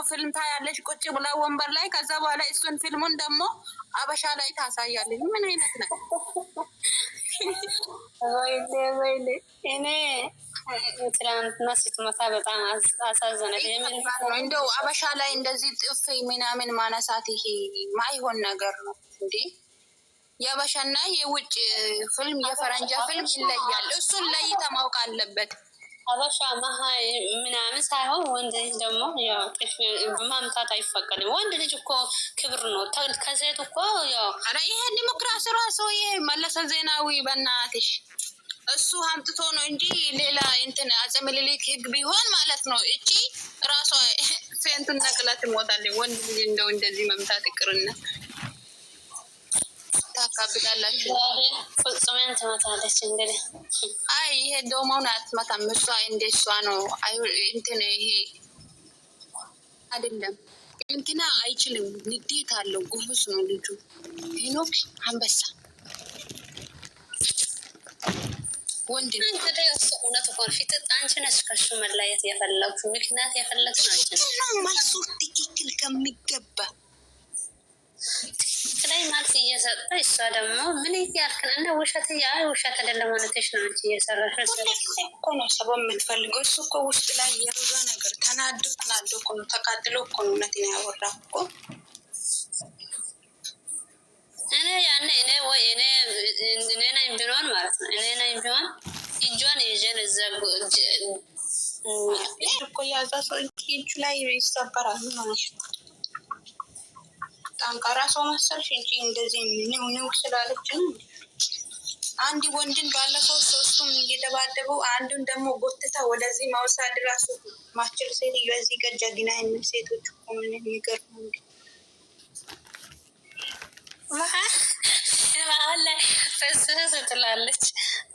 ያው ፊልም ታያለች ቁጭ ብላ ወንበር ላይ። ከዛ በኋላ እሱን ፊልሙን ደግሞ አበሻ ላይ ታሳያለች። ምን አይነት ነው? ወይኔ ወይኔ! እኔ ትናንትና ስትመታ በጣም አሳዘነች። እንደው አበሻ ላይ እንደዚህ ጥፍ ምናምን ማነሳት ይሄ ማይሆን ነገር ነው እንዴ! የአበሻና የውጭ ፊልም የፈረንጃ ፊልም ይለያል። እሱን ለይተ ማወቅ አለበት። አበሻ መሀይ ምናምን ሳይሆን ወንድ ልጅ ደግሞ ያው ማምታት አይፈቀድም። ወንድ ልጅ እኮ ክብር ነው። ከሴት እኮ ያው ይሄ ዲሞክራሲ ራሱ ይሄ መለሰ ዜናዊ በናትሽ እሱ አምጥቶ ነው እንጂ ሌላ እንትን አፄ ምኒልክ ህግ ቢሆን ማለት ነው እቺ ራሷ ፌንቱን ነቅላት ሞታለች። ወንድ ልጅ እንደው እንደዚህ መምታት ይቅርና ትጠብቃላችሁ? ፍጹሜን ትመታለች። እንግዲህ አይ ይሄ ዶማውን አትመታም። እሷ እንደ ነው። እንትን ይሄ አይደለም እንትና አይችልም። ንዴት አለው። ጉፉስ ነው ልጁ። ሄኖክ አንበሳ ወንድ እውነት ኮንፊት አንቺ ነሽ ከሱ መለየት የፈለግሽው ምክንያት የፈለግሽው ነው። መልሱ ትክክል ከሚገባ ሰጥታ እሷ ደግሞ ምን ያልክን እና ውሸት አይ ውሸት አይደለም፣ እውነትሽ ነው አንቺ እየሰራሽ እኮ ነው ሰበ የምትፈልገው። እሱ እኮ ውስጥ ላይ የብዙ ነገር ተናዶ ተናዶ እኮ ነው ተቃጥሎ እኮ ነው ነው ያወራ እኮ እኔ ያኔ እኔ ወይ እኔ እኔ ነኝ ቢሆን ማለት ነው እኔ ነኝ ቢሆን እጇን ይዤን እዛ እኮ ያዛ ሰው እጁ ላይ ይሰበራል ነው ጠንካራ ሰው መሰልሽ እንጂ እንደዚህ ኒው ኒው ስላለችን አንድ ወንድን ባለፈው ሶስቱም እየደባደቡ አንዱን ደግሞ ጎትታ ወደዚህ ማውሳድ ራሱ ማችል ሴት እዚህ ጋር ጀግና የሚል ሴቶች እኮ ምን የሚገርሙ ላይ ፈስህ ስትላለች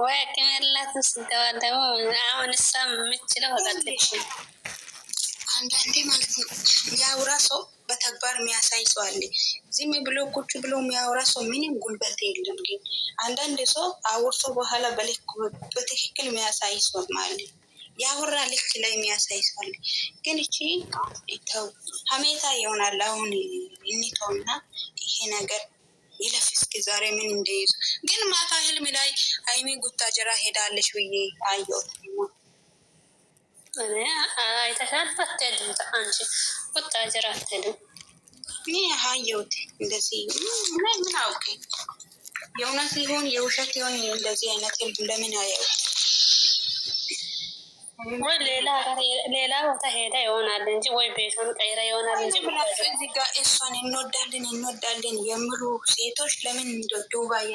ወይ አቅም ያላትን ስትደባደቡ አሁን እሷ የምችለው አንዳንዴ ማለት ነው ያውራ ሰው በተግባር የሚያሳይ ሰው አለ። ዝም ብሎ ቁጭ ብሎ የሚያወራ ሰው ምንም ጉልበት የለም። ግን አንዳንድ ሰው አውርቶ በኋላ በልክ በትክክል የሚያሳይ ሰው አለ። ያወራ ልክ ላይ የሚያሳይ ሰው አለ። ግን እቺ ተው ሀሜታ ይሆናል። አሁን እንተውና ይሄ ነገር ይለፍ እስኪ ዛሬ ምን እንደይዙ። ግን ማታ ህልም ላይ አይሚ ጉታጀራ ሄዳለች ብዬ አየሁት። አይተሻል። ፈት ያድምታ አንቺ ወጣ ሀገር አትልም። ይህ ሀየውት እንደዚህ ምን ምን አውቅ የእውነት ይሁን የውሸት ይሁን እንደዚህ አይነት ለምን አየው ወይ ሌላ ቦታ ሄዳ ይሆናል እንጂ ወይ ቤቱን ቀይራ ይሆናል እንጂ እዚህ ጋር እሷን እንወዳለን እንወዳለን የምሉ ሴቶች ለምን ዱባይ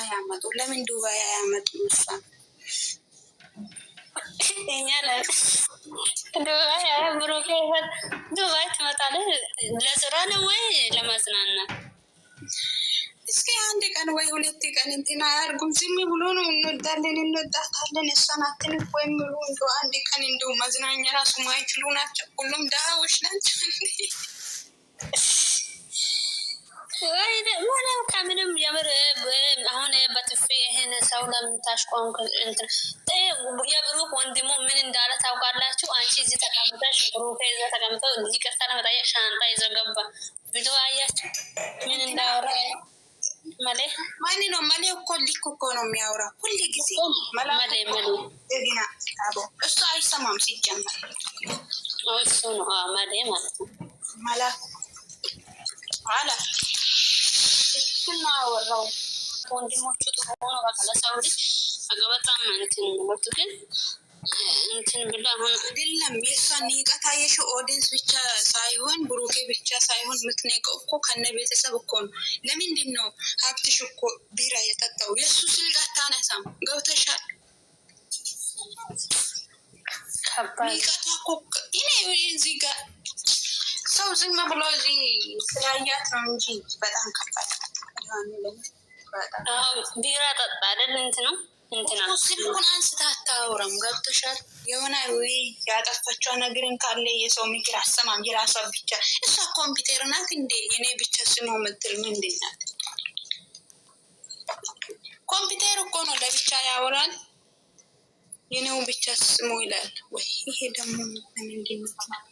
አያመጡ? ለምን ዱባይ አያመጡ? እሷን እኛ ብሮኬ ዱባይ ትመጣለህ ለስራ ነው ወይ ለማዝናናት? እስኪ አንድ ቀን ወይ ሁለት ቀን እንትን አያርጉም። ዝም ብሎ ነው እንወዳለን እንወዳታለን እሷን አትንቅ ወይ ምሉ እንደ አንድ ቀን እንደው መዝናኛ ራሱ ማይችሉ ናቸው። ሁሉም ደሃዎች ናቸው። ወይ ደግሞ ከምንም የምር አሁን በጥፊ ይህን ሰው ለምታሽቋን እንትን የብሩክ ወንድሞ ምን እንዳለ ታውቃላችሁ? አንቺ እዚህ ተቀምጠሽ ብሩክ ይዘ ተቀምጠው እዚህ ቀስታ ለመጠየቅ ሻንጣ ይዘ ገባ። ብዙ አያችሁ ምን እንዳወራ መሌ ማን ነው? መሌ እኮ ሊክ እኮ ነው የሚያወራ ሁሌ ጊዜ መሌ መሌ እሱ አይሰማም ሲጀመር እሱ ነው መሌ ማለት ነው መላ አላ ትክክል ነው ወንድሞቹ ጥሩ ሆኖ በቃ ለሰው ልጅ በቃ በጣም እንትን ወቅቱ ግን እንትን ብላ አሁን አይደለም የእሷን ንቀት አየሽው። ኦዲንስ ብቻ ሳይሆን ብሩኬ ብቻ ሳይሆን የምትነቀው እኮ ከነ ቤተሰብ እኮ ነው። ለምንድን ነው ሀብትሽ እኮ ቢራ የጠጣው የእሱ ስልክ አታነሳም። ገብተሻል? ንቀቷ እኮ ይኔ እዚህ ጋር ሰው ዝም ብሎ እዚህ ስላያት ነው እንጂ በጣም ከባድ ቢራ ጠጣ አይደል እንትን ነው ስልኩን አንስታ አታወራም። ገብቶሻል? የሆነ ያጠፋቸው ነገርን ካለ የሰው ምክር አሰማም። የራሷ ብቻ እሷ ኮምፒውተር ናት እንዴ? እኔ ብቻ ስኖ ምትል ምንድን ናት? ኮምፒውተር እኮ ነው ለብቻ ያወራል። የኔው ብቻ ስሙ ይላል ወይ? ይሄ ደግሞ ምንድን ነው?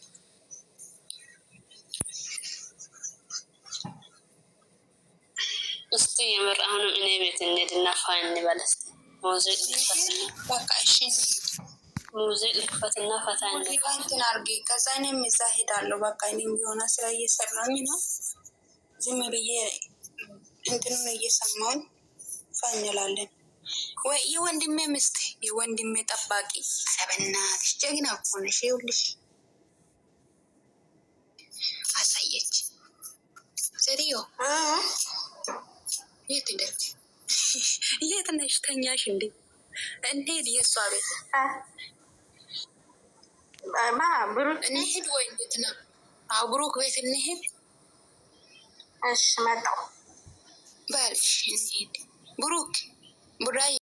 እስቲ የምር አሁንም እኔ ቤት እንሂድና ፋን እንበለስ ሙዚቅ ልክፈትና በቃ እሺ፣ ሙዚቅ ልክፈትና ፈታ እንትን አርጌ ከዛ እኔም እዛ ሄዳለሁ። በቃ እኔም የሆነ ስራ እየሰራኝ ነው። ዝም ብዬ እንትኑን እየሰማውን ፋንላለን። ወይ የወንድሜ ምስት የወንድሜ ጠባቂ ሰበናትሽ፣ ጀግና እኮ ነሽ። ይኸውልሽ አሳየች ሴትዮ የት ደች ነሽ ተኛሽ እንዴ? እንሄድ የእሷ ቤት እንሄድ ወይ እንዴት ነው? አዎ ብሩክ ቤት እንሄድ። እሺ መጣሁ በልሽ እንሄድ ብሩክ ቡራዬ